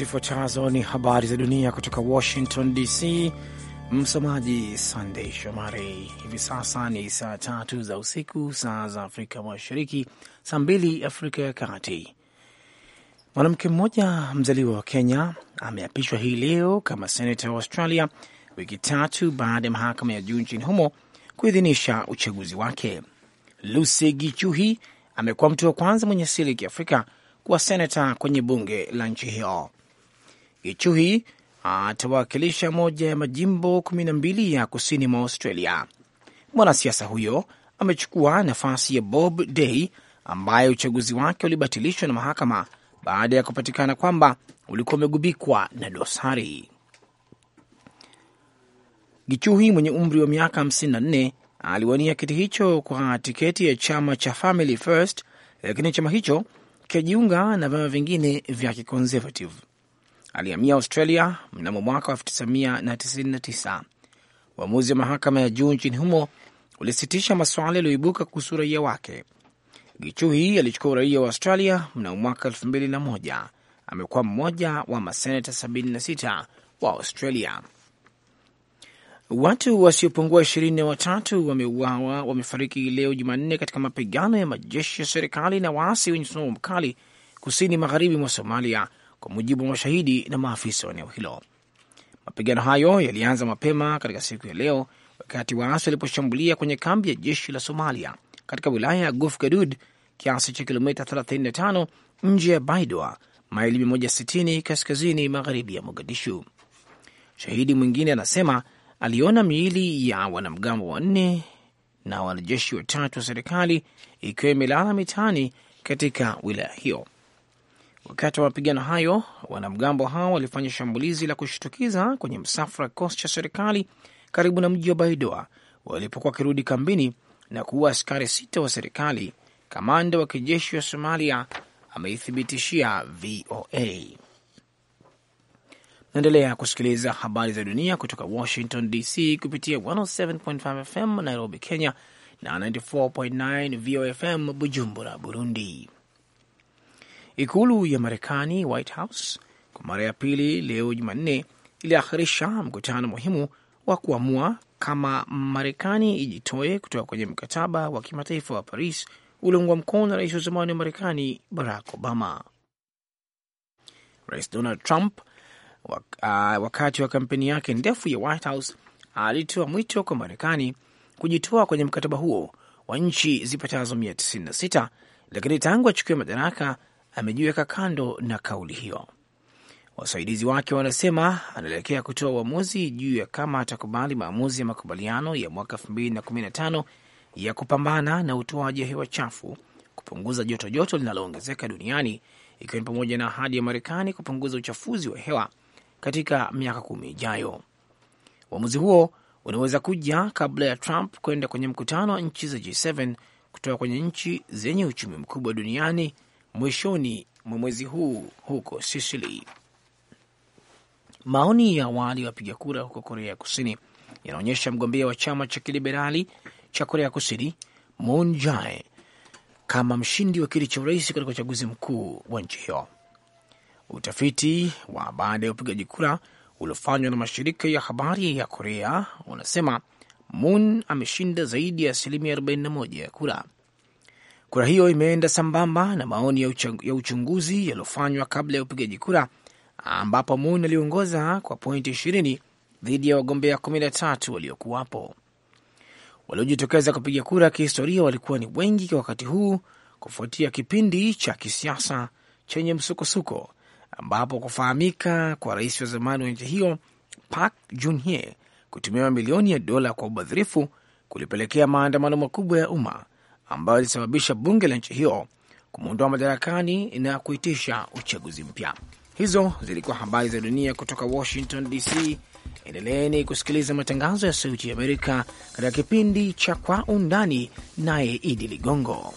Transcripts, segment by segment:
Zifuatazo ni habari za dunia kutoka Washington DC. Msomaji sandey Shomari. Hivi sasa ni saa tatu za usiku, saa za Afrika Mashariki, saa mbili Afrika ya Kati. Mwanamke mmoja mzaliwa wa Kenya ameapishwa hii leo kama senata wa Australia, wiki tatu baada ya mahakama ya juu nchini humo kuidhinisha uchaguzi wake. Lucy Gichuhi amekuwa mtu wa kwanza mwenye asili ya kiafrika kuwa senata kwenye bunge la nchi hiyo. Ichuhi atawakilisha moja ya majimbo kumi na mbili ya kusini mwa Australia. Mwanasiasa huyo amechukua nafasi ya Bob Day ambaye uchaguzi wake ulibatilishwa na mahakama baada ya kupatikana kwamba ulikuwa umegubikwa na dosari. Gichuhi mwenye umri wa miaka 54 aliwania kiti hicho kwa tiketi ya chama cha Family First, lakini chama hicho kikajiunga na vyama vingine vya kiconservative alihamia Australia mnamo mwaka 1999. Uamuzi wa mahakama ya juu nchini humo ulisitisha maswala yaliyoibuka kuhusu uraia wake. Gichuhi alichukua uraia wa Australia mnamo mwaka 2001. Amekuwa mmoja wa maseneta 76 wa Australia. Watu wasiopungua ishirini na watatu wameuawa wamefariki leo Jumanne katika mapigano ya majeshi ya serikali na waasi wenye msimamo mkali kusini magharibi mwa Somalia, kwa mujibu wa mashahidi na maafisa wa eneo hilo. Mapigano hayo yalianza mapema katika siku ya leo wakati waasi waliposhambulia kwenye kambi ya jeshi la Somalia katika wilaya ya Guf Gadud, kiasi cha kilomita 35 nje ya Baidoa, maili 160 kaskazini magharibi ya Mogadishu. Shahidi mwingine anasema aliona miili ya wanamgambo wanne na wanajeshi watatu wa serikali ikiwa imelala mitaani katika wilaya hiyo. Wakati wa mapigano hayo, wanamgambo hao walifanya shambulizi la kushtukiza kwenye msafara kikosi cha serikali karibu na mji wa Baidoa walipokuwa wakirudi kambini na kuua askari sita wa serikali. Kamanda wa kijeshi wa Somalia ameithibitishia VOA. Naendelea kusikiliza habari za dunia kutoka Washington DC kupitia 107.5 FM Nairobi, Kenya na 94.9 VOFM Bujumbura, Burundi. Ikulu ya Marekani, White House, kwa mara ya pili leo Jumanne iliakhirisha mkutano muhimu wa kuamua kama Marekani ijitoe kutoka kwenye mkataba wa kimataifa wa Paris uliungwa mkono na rais wa zamani wa Marekani Barack Obama. Rais Donald Trump wakati wa kampeni yake ndefu ya White House alitoa mwito kwa Marekani kujitoa kwenye mkataba huo wa nchi zipatazo 196 lakini tangu achukue madaraka amejiweka kando na kauli hiyo. Wasaidizi wake wanasema anaelekea kutoa uamuzi juu ya kama atakubali maamuzi ya makubaliano ya mwaka 2015 ya kupambana na utoaji wa hewa chafu, kupunguza joto joto linaloongezeka duniani, ikiwa ni pamoja na ahadi ya Marekani kupunguza uchafuzi wa hewa katika miaka kumi ijayo. Uamuzi huo unaweza kuja kabla ya Trump kwenda kwenye mkutano wa nchi za G7 kutoka kwenye nchi zenye uchumi mkubwa duniani mwishoni mwa mwezi huu huko Sisili. Maoni ya awali ya wapiga kura huko Korea Kusini yanaonyesha mgombea wa chama cha kiliberali cha Korea Kusini Moon Jae kama mshindi wa kiti cha urais katika uchaguzi mkuu wa nchi hiyo. Utafiti wa baada ya upigaji kura uliofanywa na mashirika ya habari ya Korea unasema Moon ameshinda zaidi ya asilimia 41 ya kura Kura hiyo imeenda sambamba na maoni ya uchunguzi yaliyofanywa kabla ya upigaji kura, ambapo Moon aliongoza kwa pointi 20 dhidi ya wagombea 13 waliokuwapo. Waliojitokeza kupiga kura kihistoria walikuwa ni wengi kwa wakati huu kufuatia kipindi cha kisiasa chenye msukosuko ambapo kufahamika kwa rais wa zamani wa nchi hiyo Park geun kutumia mamilioni ya dola kwa ubadhirifu kulipelekea maandamano makubwa ya umma ambayo ilisababisha bunge la nchi hiyo kumwondoa madarakani na kuitisha uchaguzi mpya. Hizo zilikuwa habari za dunia kutoka Washington DC. Endeleeni kusikiliza matangazo ya Sauti ya Amerika katika kipindi cha Kwa Undani, naye Idi Ligongo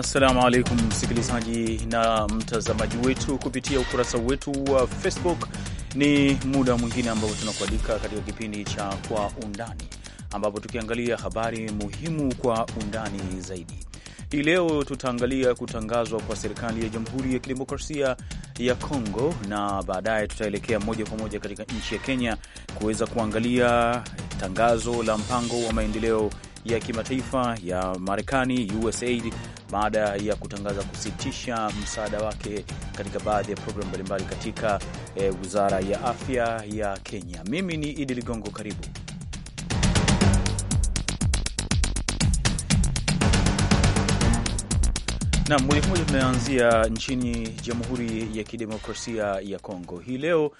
Assalamu alaikum msikilizaji na mtazamaji wetu kupitia ukurasa wetu wa Facebook. Ni muda mwingine ambapo tunakualika katika kipindi cha Kwa Undani, ambapo tukiangalia habari muhimu kwa undani zaidi. Hii leo tutaangalia kutangazwa kwa serikali ya Jamhuri ya Kidemokrasia ya Kongo na baadaye tutaelekea moja kwa moja katika nchi ya Kenya kuweza kuangalia tangazo la mpango wa maendeleo ya kimataifa ya Marekani USAID baada ya kutangaza kusitisha msaada wake katika baadhi ya programu mbalimbali katika e, wizara ya afya ya Kenya. Mimi ni Idi Ligongo, karibu na moja kwa moja tunaanzia nchini Jamhuri ya Kidemokrasia ya Kongo hii leo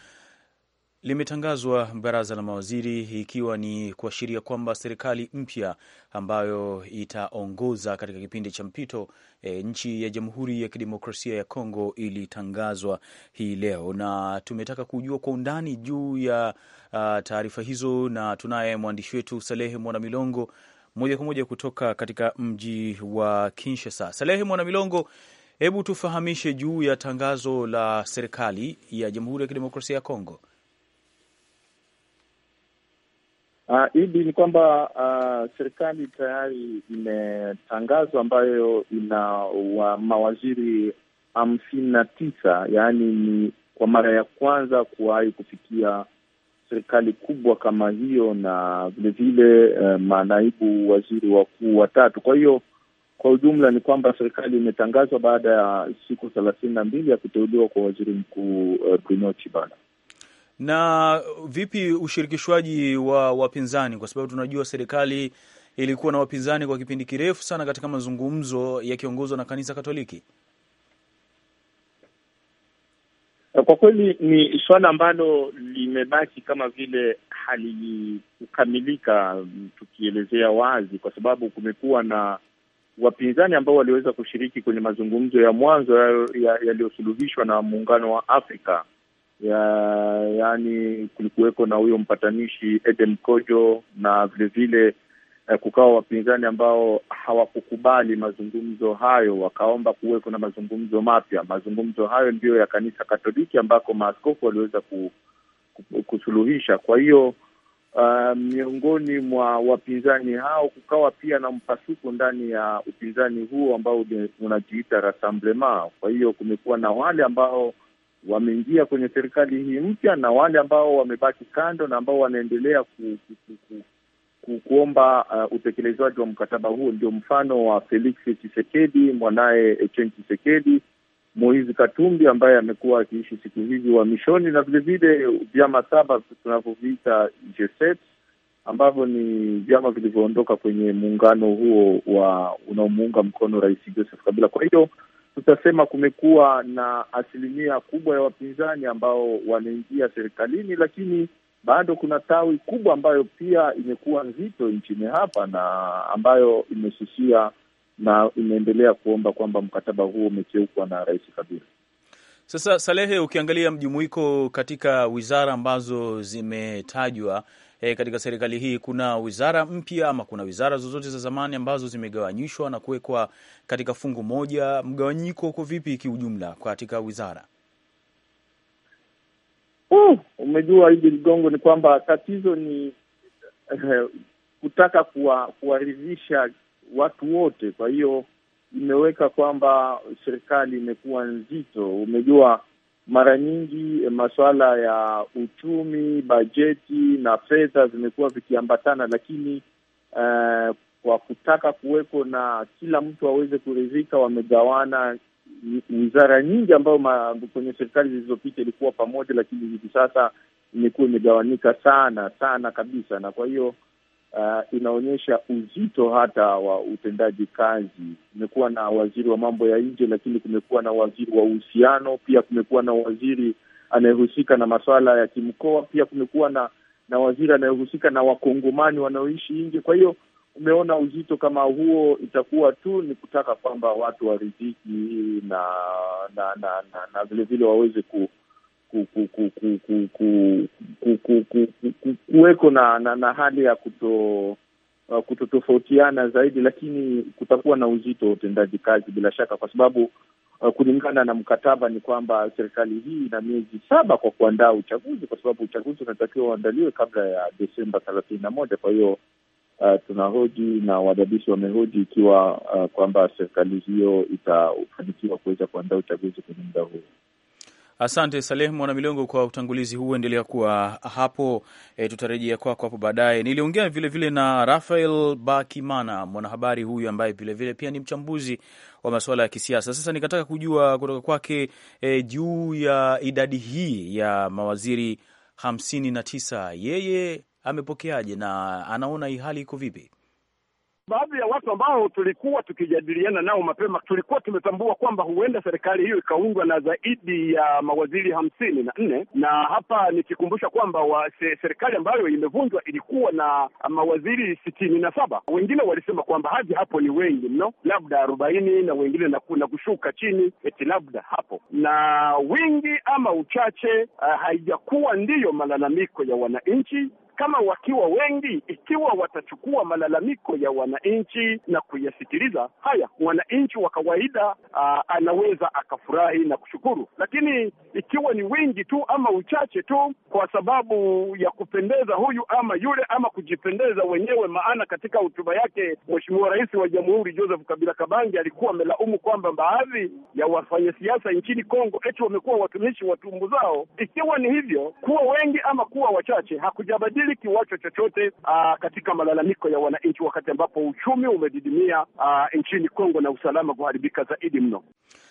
limetangazwa baraza la mawaziri ikiwa ni kuashiria kwamba serikali mpya ambayo itaongoza katika kipindi cha mpito e, nchi ya Jamhuri ya Kidemokrasia ya Kongo ilitangazwa hii leo, na tumetaka kujua kwa undani juu ya ah, taarifa hizo, na tunaye mwandishi wetu Salehe Mwanamilongo moja kwa moja kutoka katika mji wa Kinshasa. Salehe Mwanamilongo, hebu tufahamishe juu ya tangazo la serikali ya Jamhuri ya Kidemokrasia ya Kongo. Uh, idi ni kwamba uh, serikali tayari imetangazwa ambayo ina wa mawaziri hamsini na tisa yaani ni kwa mara ya kwanza kuwahi kufikia serikali kubwa kama hiyo, na vilevile uh, eh, manaibu waziri wakuu watatu. Kwa hiyo kwa ujumla ni kwamba serikali imetangazwa baada ya siku thelathini na mbili ya kuteuliwa kwa waziri mkuu uh, Bruno Chibala. Na vipi ushirikishwaji wa wapinzani, kwa sababu tunajua serikali ilikuwa na wapinzani kwa kipindi kirefu sana katika mazungumzo yakiongozwa na kanisa Katoliki? Kwa kweli ni suala ambalo limebaki kama vile halikukamilika, tukielezea wazi, kwa sababu kumekuwa na wapinzani ambao waliweza kushiriki kwenye mazungumzo ya mwanzo yaliyosuluhishwa ya, ya na muungano wa Afrika ya, yaani kulikuweko na huyo mpatanishi Eden Kojo na vilevile eh, kukawa wapinzani ambao hawakukubali mazungumzo hayo, wakaomba kuweko na mazungumzo mapya. Mazungumzo hayo ndiyo ya kanisa Katoliki ambako maaskofu waliweza ku, ku, kusuluhisha. Kwa hiyo uh, miongoni mwa wapinzani hao kukawa pia na mpasuko ndani ya upinzani huo ambao unajiita Rassemblement. Kwa hiyo kumekuwa na wale ambao wameingia kwenye serikali hii mpya na wale ambao wamebaki kando na ambao wanaendelea ku, ku, ku, ku, ku, kuomba uh, utekelezaji wa mkataba huo, ndio mfano wa Felix Tshisekedi, mwanaye Etienne Tshisekedi, Moizi Katumbi ambaye amekuwa akiishi siku hizi uhamishoni, na vilevile vyama saba tunavyoviita ambavyo ni vyama vilivyoondoka kwenye muungano huo wa unaomuunga mkono Rais Joseph Kabila. Kwa hiyo tutasema kumekuwa na asilimia kubwa ya wapinzani ambao wanaingia serikalini, lakini bado kuna tawi kubwa ambayo pia imekuwa nzito nchini hapa na ambayo imesusia na imeendelea kuomba kwamba mkataba huo umekeukwa na Rais Kabila. Sasa Salehe, ukiangalia mjumuiko katika wizara ambazo zimetajwa e, katika serikali hii kuna wizara mpya ama kuna wizara zozote za zamani ambazo zimegawanyishwa na kuwekwa katika fungu moja? Mgawanyiko uko vipi kiujumla katika wizara? Uh, umejua hivi Ligongo, ni kwamba tatizo ni eh, kutaka kuwaridhisha watu wote. Kwa hiyo imeweka kwamba serikali imekuwa nzito. Umejua mara nyingi eh, masuala ya uchumi, bajeti na fedha zimekuwa vikiambatana, lakini uh, kwa kutaka kuweko na kila mtu aweze kuridhika, wamegawana wizara nyingi ambayo ma, kwenye serikali zilizopita ilikuwa pamoja, lakini hivi sasa imekuwa imegawanika sana sana kabisa, na kwa hiyo uh, inaonyesha uzito hata wa utendaji kazi. Kumekuwa na waziri wa mambo ya nje, lakini kumekuwa na waziri wa uhusiano, pia kumekuwa na waziri anayehusika na masuala ya kimkoa, pia kumekuwa na na waziri anayehusika na wakongomani wanaoishi nje. Kwa hiyo umeona uzito kama huo, itakuwa tu ni kutaka kwamba watu waridhiki na na na, na, na vilevile waweze ku kuweko na, na, na hali ya kuto kutotofautiana zaidi, lakini kutakuwa na uzito wa utendaji kazi bila shaka, kwa sababu uh, kulingana na mkataba ni kwamba serikali hii ina miezi saba kwa kuandaa uchaguzi, kwa sababu uchaguzi unatakiwa uandaliwe kabla ya Desemba thelathini na moja. Kwa hiyo uh, tunahoji na wadadisi wamehoji ikiwa uh, kwamba serikali hiyo itafanikiwa kuweza kuandaa uchaguzi kwenye muda huo Asante Saleh Mwana Milongo kwa utangulizi huu, endelea kuwa hapo e, tutarejea kwako hapo baadaye. Niliongea vilevile na Rafael Bakimana, mwanahabari huyu ambaye vilevile pia ni mchambuzi wa masuala ya kisiasa. Sasa nikataka kujua kutoka kwake e, juu ya idadi hii ya mawaziri hamsini na tisa, yeye amepokeaje na anaona hii hali iko vipi? baadhi ya watu ambao tulikuwa tukijadiliana nao mapema, tulikuwa tumetambua kwamba huenda serikali hiyo ikaundwa na zaidi ya mawaziri hamsini na nne na hapa nikikumbusha kwamba se, serikali ambayo imevunjwa ilikuwa na mawaziri sitini na saba. Wengine walisema kwamba hadi hapo ni wengi mno, labda arobaini na wengine na, na kushuka chini eti labda hapo na wingi ama uchache, uh, haijakuwa ndiyo malalamiko ya wananchi kama wakiwa wengi, ikiwa watachukua malalamiko ya wananchi na kuyasikiliza, haya mwananchi wa kawaida uh, anaweza akafurahi na kushukuru. Lakini ikiwa ni wengi tu ama uchache tu, kwa sababu ya kupendeza huyu ama yule ama kujipendeza wenyewe, maana katika hotuba yake Mheshimiwa Rais wa Jamhuri Joseph Kabila Kabange alikuwa amelaumu kwamba baadhi ya wafanya siasa nchini Kongo eti wamekuwa watumishi wa tumbu zao. Ikiwa ni hivyo, kuwa wengi ama kuwa wachache hakujabadili hawastahili kiwacho chochote ah, katika malalamiko ya wananchi, wakati ambapo uchumi umedidimia ah, nchini Kongo na usalama kuharibika zaidi mno.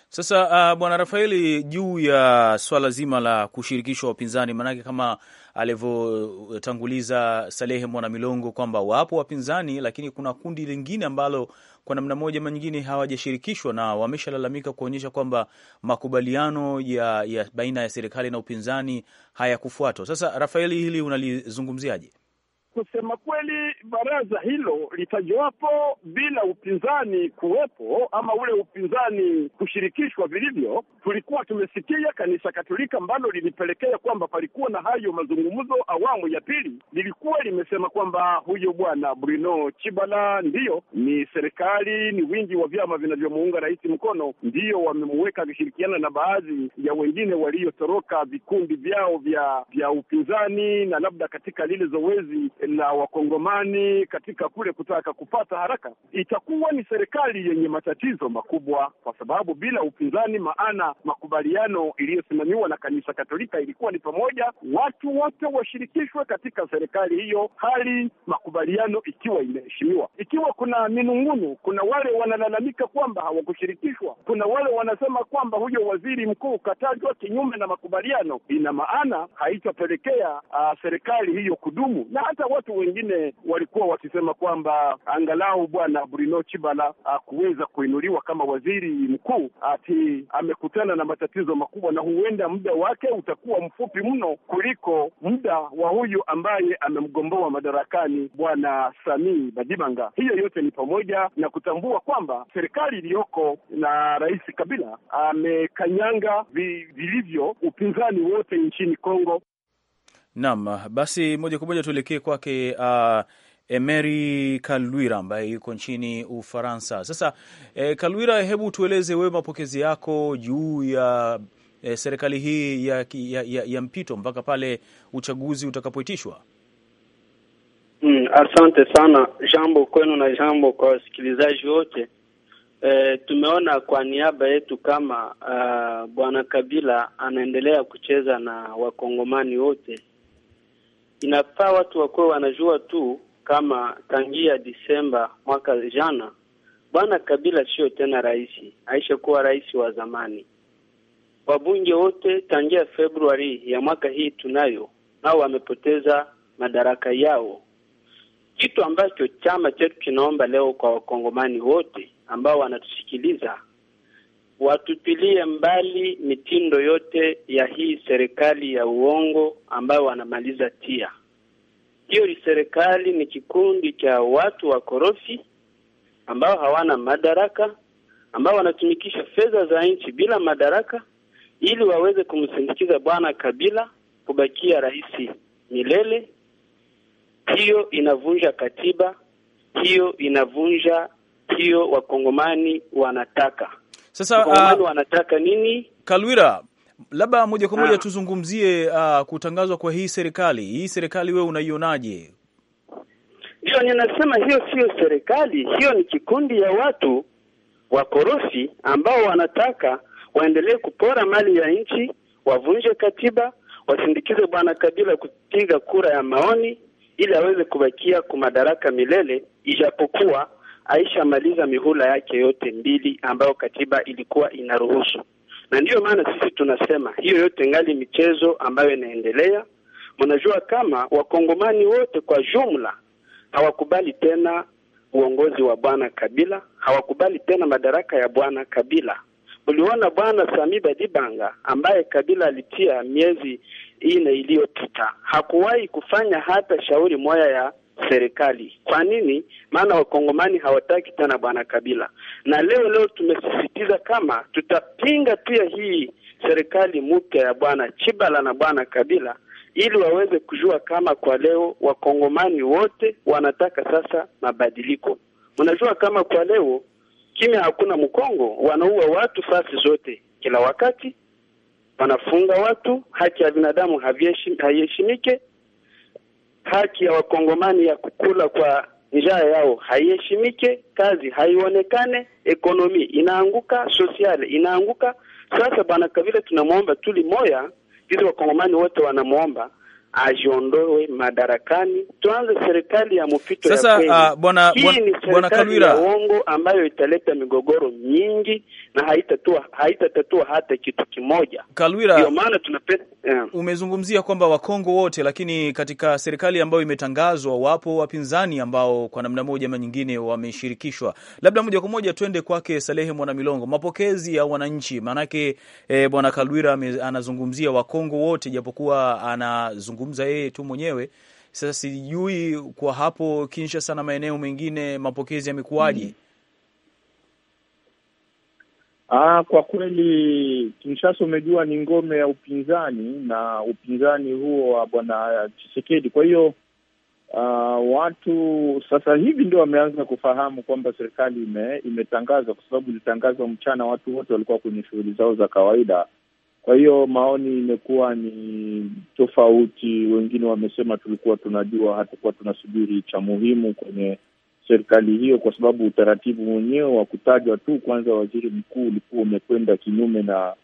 Sasa uh, bwana Rafaeli, juu ya swala zima la kushirikishwa wapinzani, maanake kama alivyotanguliza Salehe Mwana Milongo kwamba wapo wapinzani, lakini kuna kundi lingine ambalo kwa namna moja ama nyingine hawajashirikishwa na wameshalalamika kuonyesha kwamba makubaliano ya, ya baina ya serikali na upinzani hayakufuatwa. Sasa Rafaeli, hili unalizungumziaje? Kusema kweli, baraza hilo litajiwapo bila upinzani kuwepo ama ule upinzani kushirikishwa vilivyo, tulikuwa tumesikia kanisa Katolika ambalo lilipelekea kwamba palikuwa na hayo mazungumzo awamu ya pili, lilikuwa limesema kwamba huyo bwana Bruno Chibala ndiyo ni serikali, ni wingi wa vyama vinavyomuunga rais mkono ndiyo wamemuweka akishirikiana na baadhi ya wengine waliotoroka vikundi vyao vya vya upinzani, na labda katika lile zoezi la wakongomani katika kule kutaka kupata haraka, itakuwa ni serikali yenye matatizo makubwa, kwa sababu bila upinzani, maana makubaliano iliyosimamiwa na kanisa Katolika ilikuwa ni pamoja watu wote washirikishwe katika serikali hiyo, hali makubaliano ikiwa imeheshimiwa. Ikiwa kuna minung'unu, kuna wale wanalalamika kwamba hawakushirikishwa, kuna wale wanasema kwamba huyo waziri mkuu katajwa kinyume na makubaliano, ina maana haitapelekea ah, serikali hiyo kudumu. Na hata watu wengine walikuwa wakisema kwamba angalau bwana Bruno Chibala uh, kuweza kuinuliwa kama waziri mkuu ati amekuta kukutana na matatizo makubwa, na huenda muda wake utakuwa mfupi mno kuliko muda wa huyu ambaye amemgomboa madarakani Bwana Samii Badibanga. Hiyo yote ni pamoja na kutambua kwamba serikali iliyoko na Rais Kabila amekanyanga vilivyo upinzani wote nchini Kongo. Naam, basi moja kwa moja tuelekee kwake uh... Emery Kalwira ambaye yuko nchini Ufaransa. Sasa e, Kalwira, hebu tueleze wewe mapokezi yako juu ya e, serikali hii ya, ya, ya, ya mpito mpaka pale uchaguzi utakapoitishwa. Mm, asante sana. Jambo kwenu na jambo kwa wasikilizaji wote. E, tumeona kwa niaba yetu kama uh, Bwana Kabila anaendelea kucheza na wakongomani wote. Inafaa watu wakuwe wanajua tu kama tangia Disemba mwaka jana, bwana Kabila sio tena rais, aisha kuwa rais wa zamani. Wabunge wote tangia Februari ya mwaka hii tunayo nao wamepoteza madaraka yao, kitu ambacho chama chetu kinaomba leo kwa wakongomani wote ambao wanatusikiliza watupilie mbali mitindo yote ya hii serikali ya uongo ambayo wanamaliza tia hiyo ni serikali, ni kikundi cha watu wa korofi ambao hawana madaraka, ambao wanatumikisha fedha za nchi bila madaraka, ili waweze kumsindikiza Bwana Kabila kubakia rais milele. Hiyo inavunja katiba, hiyo inavunja, hiyo wakongomani wanataka. Sasa wakongomani uh, wanataka nini? Kalwira, labda moja kwa moja ah. tuzungumzie uh, kutangazwa kwa hii serikali. Hii serikali wewe unaionaje? Ndio, ninasema hiyo sio serikali, hiyo ni kikundi ya watu wakorofi ambao wanataka waendelee kupora mali ya nchi, wavunje katiba, wasindikize bwana Kabila kupiga kura ya maoni ili aweze kubakia kwa madaraka milele, ijapokuwa aishamaliza mihula yake yote mbili ambayo katiba ilikuwa inaruhusu na ndiyo maana sisi tunasema hiyo yote ngali michezo ambayo inaendelea. Mnajua kama wakongomani wote kwa jumla hawakubali tena uongozi wa bwana Kabila, hawakubali tena madaraka ya bwana Kabila. Uliona bwana Sami Badibanga ambaye Kabila alitia miezi ine iliyopita hakuwahi kufanya hata shauri moya ya serikali. Kwa nini? Maana wakongomani hawataki tena bwana Kabila, na leo leo tumesisitiza kama tutapinga pia hii serikali mpya ya bwana Chibala na bwana Kabila ili waweze kujua kama kwa leo wakongomani wote wanataka sasa mabadiliko. Unajua kama kwa leo kimya hakuna Mkongo, wanaua watu fasi zote, kila wakati wanafunga watu, haki ya binadamu haiheshimike haki ya wakongomani ya kukula kwa njaa yao haiheshimike, kazi haionekane, ekonomi inaanguka, sosiali inaanguka. Sasa bwana Kabila tunamwomba tuli moya, hizi wakongomani wote wanamwomba ajiondoe madarakani, tuanze serikali ya mpito sasa. Uh, bwana hii ni serikali ya uongo ambayo italeta migogoro mingi na haitatatua haitatatua hata kitu kimoja. Kalwira, ndio maana tunapenda eh. umezungumzia kwamba Wakongo wote, lakini katika serikali ambayo imetangazwa wapo wapinzani ambao kwa namna moja ama nyingine wameshirikishwa. Labda moja kwa moja twende kwake Salehe Mwanamilongo, mapokezi ya wananchi, maanake eh, bwana Kalwira anazungumzia Wakongo wote japokuwa ana anazungumza yeye tu mwenyewe. Sasa sijui kwa hapo Kinshasa na maeneo mengine mapokezi yamekuwaje? mm. Ah, kwa kweli Kinshasa umejua ni ngome ya upinzani na upinzani huo wa bwana Tshisekedi. Kwa hiyo uh, watu sasa hivi ndio wameanza kufahamu kwamba serikali ime- imetangazwa, kwa sababu ilitangazwa mchana, watu wote walikuwa kwenye shughuli zao za kawaida kwa hiyo maoni imekuwa ni tofauti. Wengine wamesema tulikuwa tunajua, hatakuwa tunasubiri cha muhimu kwenye serikali hiyo, kwa sababu utaratibu mwenyewe wa kutajwa tu kwanza waziri mkuu ulikuwa umekwenda kinyume na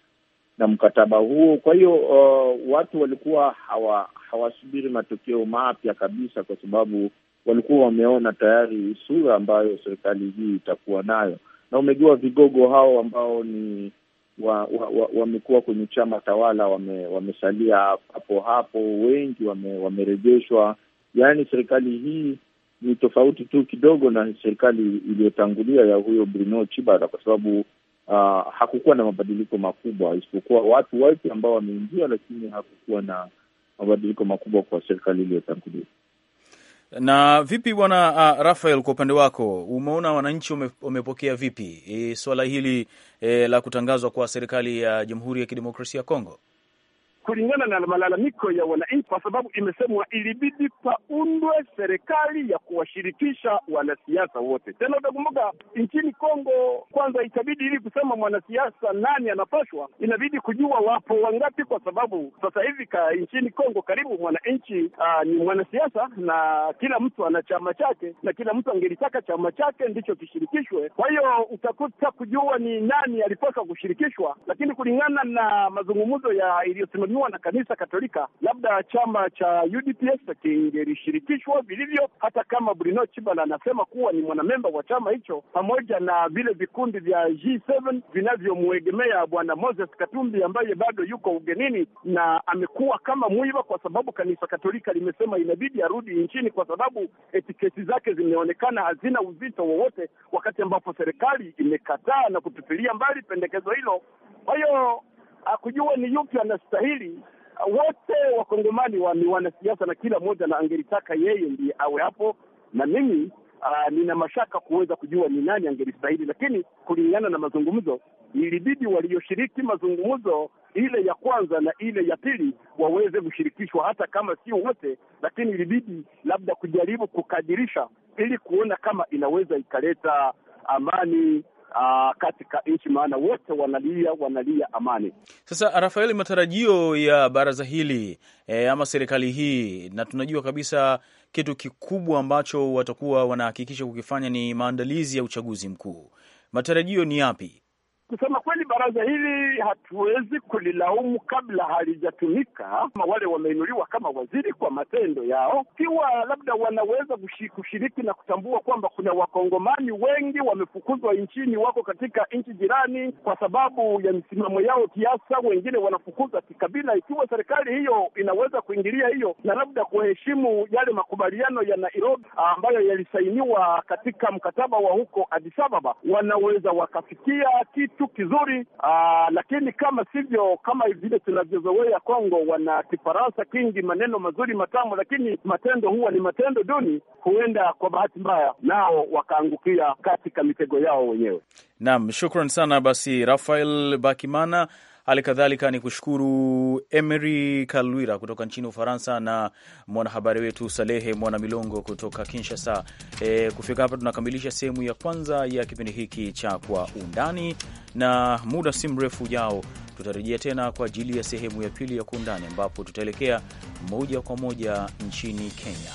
na mkataba huo. Kwa hiyo uh, watu walikuwa hawa, hawasubiri matokeo mapya kabisa, kwa sababu walikuwa wameona tayari sura ambayo serikali hii itakuwa nayo, na umejua vigogo hao ambao ni wamekuwa wa, wa, wa kwenye chama tawala wame, wamesalia hapo hapo, wengi wame, wamerejeshwa. Yaani serikali hii ni tofauti tu kidogo na serikali iliyotangulia ya huyo Bruno Chibala kwa sababu uh, hakukuwa na mabadiliko makubwa, isipokuwa watu wapya ambao wameingia, lakini hakukuwa na mabadiliko makubwa kwa serikali iliyotangulia. Na vipi bwana uh, Rafael, kwa upande wako umeona wananchi wamepokea vipi e, swala hili e, la kutangazwa kwa serikali ya Jamhuri ya Kidemokrasia ya Kongo? kulingana na malalamiko ya wananchi, kwa sababu imesemwa ilibidi paundwe serikali ya kuwashirikisha wanasiasa wote. Tena utakumbuka nchini Kongo, kwanza itabidi ili kusema mwanasiasa nani anapashwa, inabidi kujua wapo wangapi, kwa sababu sasa hivi ka nchini Kongo karibu mwananchi ah, ni mwanasiasa na kila mtu ana chama chake, na kila mtu angelitaka chama chake ndicho kishirikishwe. Kwa hiyo utakuta kujua ni nani alipaswa kushirikishwa, lakini kulingana na mazungumzo ya iliyosimamia kujiinua na kanisa Katolika, labda chama cha UDPS kingelishirikishwa vilivyo, hata kama Bruno Chibala anasema kuwa ni mwanamemba wa chama hicho, pamoja na vile vikundi vya G7 vinavyomwegemea bwana Moses Katumbi ambaye bado yuko ugenini na amekuwa kama mwiva, kwa sababu kanisa Katolika limesema inabidi arudi nchini kwa sababu etiketi zake zimeonekana hazina uzito wowote, wakati ambapo serikali imekataa na kutupilia mbali pendekezo hilo. Kwa hiyo kujua ni yupi anastahili. Wote wakongomani wa ni wanasiasa na kila mmoja na angelitaka yeye ndiye awe hapo, na mimi Uh, nina mashaka kuweza kujua ni nani angelistahili, lakini kulingana na mazungumzo ilibidi walioshiriki mazungumzo ile ya kwanza na ile ya pili waweze kushirikishwa, hata kama sio wote, lakini ilibidi labda kujaribu kukadirisha ili kuona kama inaweza ikaleta amani uh, katika nchi, maana wote wanalia wanalia amani. Sasa Rafaeli, matarajio ya baraza hili e, ama serikali hii, na tunajua kabisa kitu kikubwa ambacho watakuwa wanahakikisha kukifanya ni maandalizi ya uchaguzi mkuu, matarajio ni yapi? Kusema kweli, baraza hili hatuwezi kulilaumu kabla halijatumika. Wale wameinuliwa kama waziri kwa matendo yao, ikiwa labda wanaweza kushiriki na kutambua kwamba kuna wakongomani wengi wamefukuzwa nchini, wako katika nchi jirani kwa sababu ya misimamo yao kiasa, wengine wanafukuzwa kikabila. Ikiwa serikali hiyo inaweza kuingilia hiyo na labda kuheshimu yale makubaliano ya Nairobi ah, ambayo yalisainiwa katika mkataba wa huko Addis Ababa, wanaweza wakafikia kitu kitu kizuri aa, ah, lakini kama sivyo, kama vile tunavyozoea Kongo, wana Kifaransa kingi, maneno mazuri matamu, lakini matendo huwa ni matendo duni. Huenda kwa bahati mbaya nao wakaangukia katika mitego yao wenyewe. Naam, shukran sana basi Rafael Bakimana Hali kadhalika ni kushukuru Emery Kalwira kutoka nchini Ufaransa na mwanahabari wetu Salehe Mwana Milongo kutoka Kinshasa. E, kufika hapa tunakamilisha sehemu ya kwanza ya kipindi hiki cha Kwa Undani, na muda si mrefu ujao tutarejea tena kwa ajili ya sehemu ya pili ya Kwa Undani, ambapo tutaelekea moja kwa moja nchini Kenya.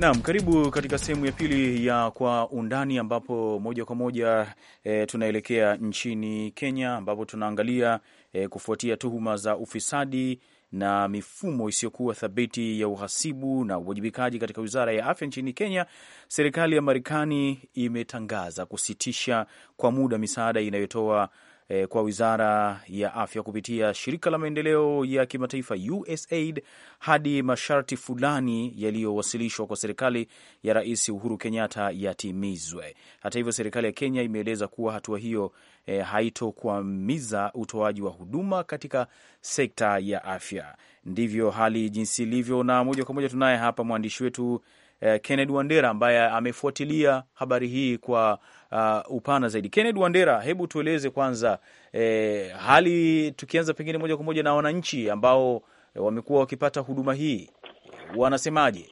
Naam, karibu katika sehemu ya pili ya Kwa Undani, ambapo moja kwa moja e, tunaelekea nchini Kenya, ambapo tunaangalia e, kufuatia tuhuma za ufisadi na mifumo isiyokuwa thabiti ya uhasibu na uwajibikaji katika wizara ya afya nchini Kenya, serikali ya Marekani imetangaza kusitisha kwa muda misaada inayotoa Eh, kwa wizara ya afya kupitia shirika la maendeleo ya kimataifa USAID hadi masharti fulani yaliyowasilishwa kwa serikali ya Rais Uhuru Kenyatta yatimizwe. Hata hivyo, serikali ya Kenya imeeleza kuwa hatua hiyo e, haitokwamiza utoaji wa huduma katika sekta ya afya. Ndivyo hali jinsi ilivyo, na moja kwa moja tunaye hapa mwandishi wetu eh, Kennedy Wandera ambaye amefuatilia habari hii kwa uh, upana zaidi. Kenneth Wandera, hebu tueleze kwanza eh, hali tukianza pengine moja kwa moja na wananchi ambao eh, wamekuwa wakipata huduma hii wanasemaje?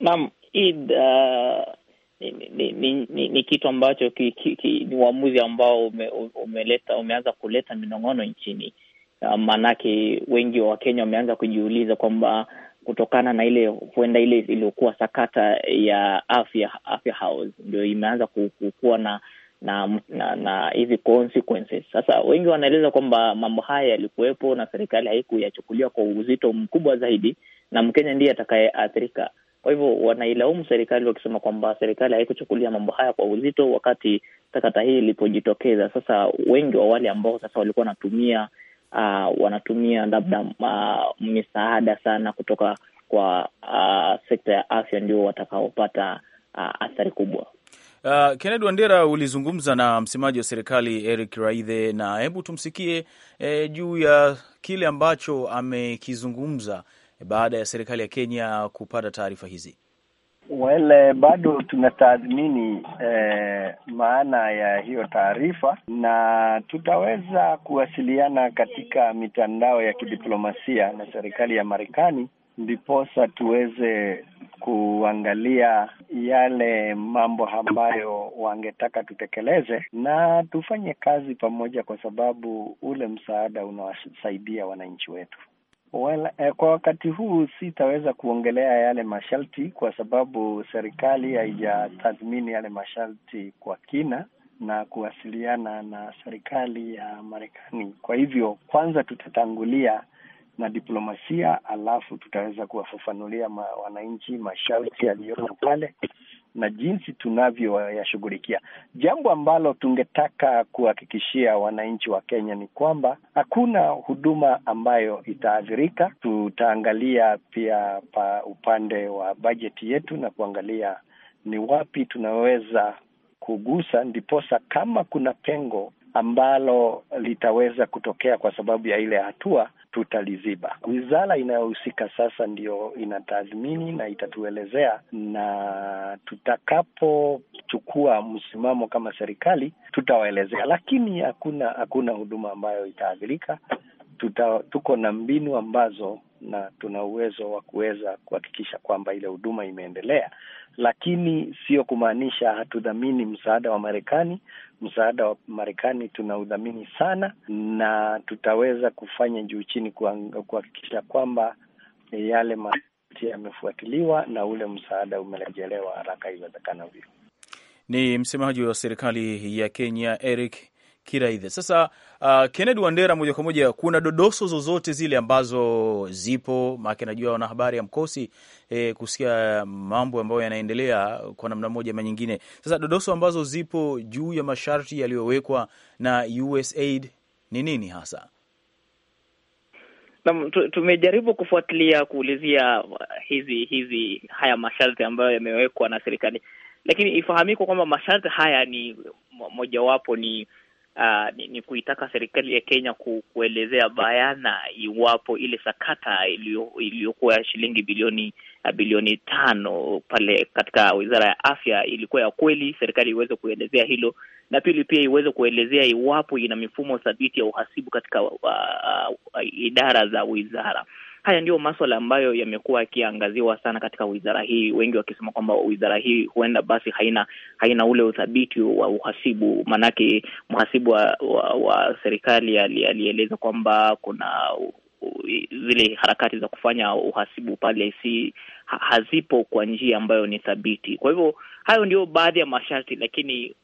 Naam, id uh, ni, ni, ni, ni, ni kitu ambacho ki, ki, ki, ni uamuzi ambao ume, umeleta umeanza kuleta minong'ono nchini. Uh, maanake wengi wa Wakenya wameanza kujiuliza kwamba kutokana na ile huenda ile iliyokuwa sakata ya afya afya house ndio imeanza kukuwa na na na, na hizi consequences. Sasa wengi wanaeleza kwamba mambo haya yalikuwepo na serikali haikuyachukulia kwa uzito mkubwa zaidi, na Mkenya ndiye atakayeathirika. Kwa hivyo wanailaumu serikali wakisema kwamba serikali haikuchukulia mambo haya kwa uzito wakati sakata hii ilipojitokeza. Sasa wengi wa wale ambao sasa walikuwa wanatumia uh, wanatumia labda uh, misaada sana kutoka kwa uh, sekta ya afya ndio watakaopata uh, athari kubwa. Uh, Kennedy Wandera, ulizungumza na msemaji wa serikali Eric Raithe, na hebu tumsikie eh, juu ya kile ambacho amekizungumza baada ya serikali ya Kenya kupata taarifa hizi. Wele eh, bado tunatathmini eh, maana ya hiyo taarifa na tutaweza kuwasiliana katika mitandao ya kidiplomasia na serikali ya Marekani ndiposa tuweze kuangalia yale mambo ambayo wangetaka tutekeleze na tufanye kazi pamoja, kwa sababu ule msaada unawasaidia wananchi wetu. Well, eh, kwa wakati huu sitaweza kuongelea yale masharti kwa sababu serikali haijatathmini yale masharti kwa kina na kuwasiliana na serikali ya Marekani. Kwa hivyo, kwanza tutatangulia na diplomasia, alafu tutaweza kuwafafanulia ma, wananchi masharti yaliyopo pale na jinsi tunavyoyashughulikia. Jambo ambalo tungetaka kuhakikishia wananchi wa Kenya ni kwamba hakuna huduma ambayo itaathirika. Tutaangalia pia pa upande wa bajeti yetu na kuangalia ni wapi tunaweza kugusa, ndiposa kama kuna pengo ambalo litaweza kutokea kwa sababu ya ile hatua tutaliziba. Wizara inayohusika sasa ndiyo inatathmini na itatuelezea, na tutakapochukua msimamo kama serikali tutawaelezea, lakini hakuna hakuna huduma ambayo itaathirika. tuko na mbinu ambazo na tuna uwezo wa kuweza kuhakikisha kwamba ile huduma imeendelea, lakini sio kumaanisha hatudhamini msaada wa Marekani. Msaada wa Marekani tunaudhamini sana, na tutaweza kufanya juu chini kuhakikisha kwamba yale masharti yamefuatiliwa na ule msaada umerejelewa haraka iwezekanavyo. Ni msemaji wa serikali ya Kenya Eric kiraidha. Sasa uh, Kennedy Wandera, moja kwa moja, kuna dodoso zozote zile ambazo zipo? Maana najua wanahabari mkosi eh, kusikia mambo ambayo yanaendelea kwa namna moja ama nyingine. Sasa dodoso ambazo zipo juu ya masharti yaliyowekwa na USAID ni nini hasa? Naam, tumejaribu kufuatilia kuulizia uh, hizi hizi haya masharti ambayo yamewekwa na serikali, lakini ifahamike kwamba masharti haya ni mojawapo ni uh, ni, ni kuitaka serikali ya Kenya ku, kuelezea bayana iwapo ile sakata iliyokuwa shilingi bilioni ah, bilioni tano pale katika wizara ya afya ilikuwa ya kweli, serikali iweze kuelezea hilo, na pili pia iweze kuelezea iwapo ina mifumo thabiti ya uhasibu katika uh, uh, idara za wizara. Haya ndiyo maswala ambayo yamekuwa yakiangaziwa sana katika wizara hii, wengi wakisema kwamba wizara hii huenda basi haina haina ule uthabiti wa uhasibu. Maanake mhasibu wa, wa, wa serikali alieleza kwamba kuna zile harakati za kufanya uhasibu pale si hazipo kwa njia ambayo ni thabiti. Kwa hivyo hayo ndio baadhi ya masharti, lakini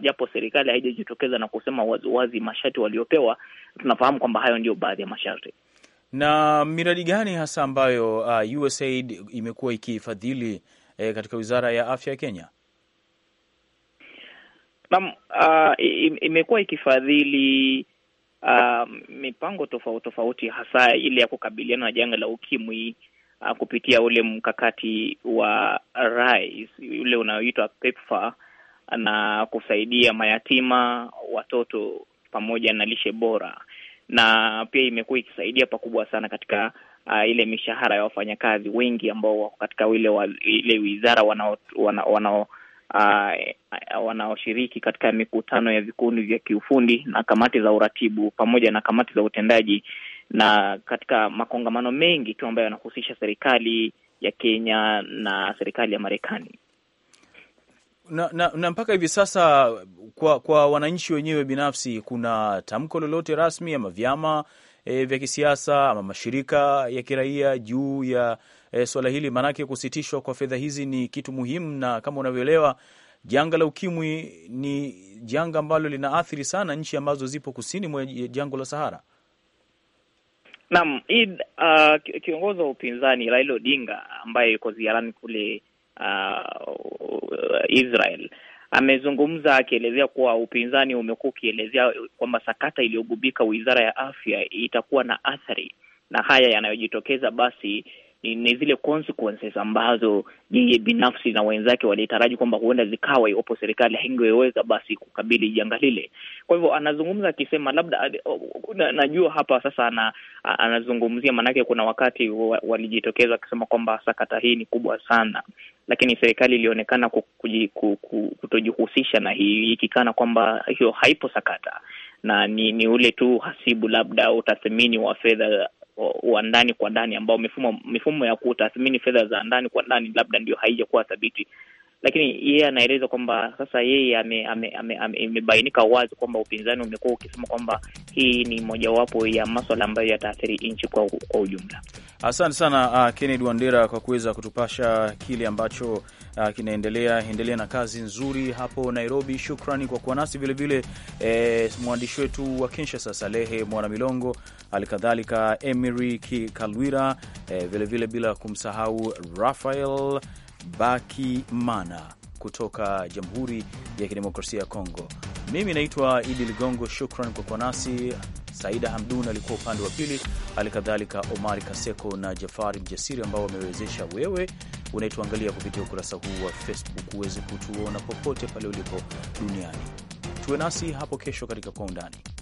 japo serikali haijajitokeza na kusema waziwazi masharti waliopewa, tunafahamu kwamba hayo ndio baadhi ya masharti. Na miradi gani hasa ambayo uh, USAID imekuwa ikifadhili eh, katika wizara ya afya ya Kenya? Naam, uh, imekuwa ikifadhili uh, mipango tofauti tofauti hasa ile ya kukabiliana na janga la ukimwi uh, kupitia ule mkakati wa RISE ule unaoitwa PEPFAR na kusaidia mayatima, watoto pamoja na lishe bora na pia imekuwa ikisaidia pakubwa sana katika uh, ile mishahara ya wafanyakazi wengi ambao wako katika ile wa, ile wizara wanao wana, uh, wanaoshiriki katika mikutano ya vikundi vya kiufundi na kamati za uratibu pamoja na kamati za utendaji na katika makongamano mengi tu ambayo yanahusisha serikali ya Kenya na serikali ya Marekani na, na, na mpaka hivi sasa kwa, kwa wananchi wenyewe binafsi, kuna tamko lolote rasmi ama vyama e, vya kisiasa ama mashirika ya kiraia juu ya e, swala hili? Maanake kusitishwa kwa fedha hizi ni kitu muhimu, na kama unavyoelewa janga la ukimwi ni janga ambalo linaathiri sana nchi ambazo zipo kusini mwa jangwa la Sahara. Naam, uh, kiongozi wa upinzani Raila Odinga ambaye yuko ziarani kule uh, Uh, Israel amezungumza akielezea kuwa upinzani umekuwa ukielezea kwamba sakata iliyogubika wizara ya afya itakuwa na athari, na haya yanayojitokeza basi ni, ni zile consequences ambazo yeye binafsi na wenzake walitaraji kwamba huenda zikawa iwapo serikali haingeweza basi kukabili janga lile. Kwa hivyo anazungumza akisema, labda uh, uh, najua hapa sasa ana, uh, anazungumzia maanake, kuna wakati walijitokeza wakisema kwamba sakata hii ni kubwa sana, lakini serikali ilionekana kutojihusisha na hii ikikana kwamba hiyo haipo sakata na ni, ni ule tu hasibu labda utathmini wa fedha wa ndani kwa ndani ambao mifumo mifumo ya kutathmini fedha za ndani kwa ndani labda ndio haijakuwa thabiti, lakini yeye anaeleza kwamba sasa yeye imebainika wazi kwamba upinzani umekuwa ukisema kwamba hii ni mojawapo ya maswala ambayo yataathiri nchi kwa, kwa ujumla. Asante sana uh, Kennedy Wandera kwa kuweza kutupasha kile ambacho uh, kinaendelea. Endelea na kazi nzuri hapo Nairobi. Shukrani kwa kuwa nasi vilevile, eh, mwandishi wetu wa Kinshasa Salehe Mwanamilongo halikadhalika Emiri Kalwira, vilevile eh, vile bila kumsahau Rafael Bakimana kutoka Jamhuri ya Kidemokrasia ya Kongo. Mimi naitwa Idi Ligongo, shukran kwa kuwa nasi. Saida Hamdun alikuwa upande wa pili, hali kadhalika Omari Kaseko na Jafari Mjasiri ambao wamewezesha wewe unaituangalia kupitia ukurasa huu wa Facebook uweze kutuona popote pale ulipo duniani. Tuwe nasi hapo kesho katika Kwa Undani.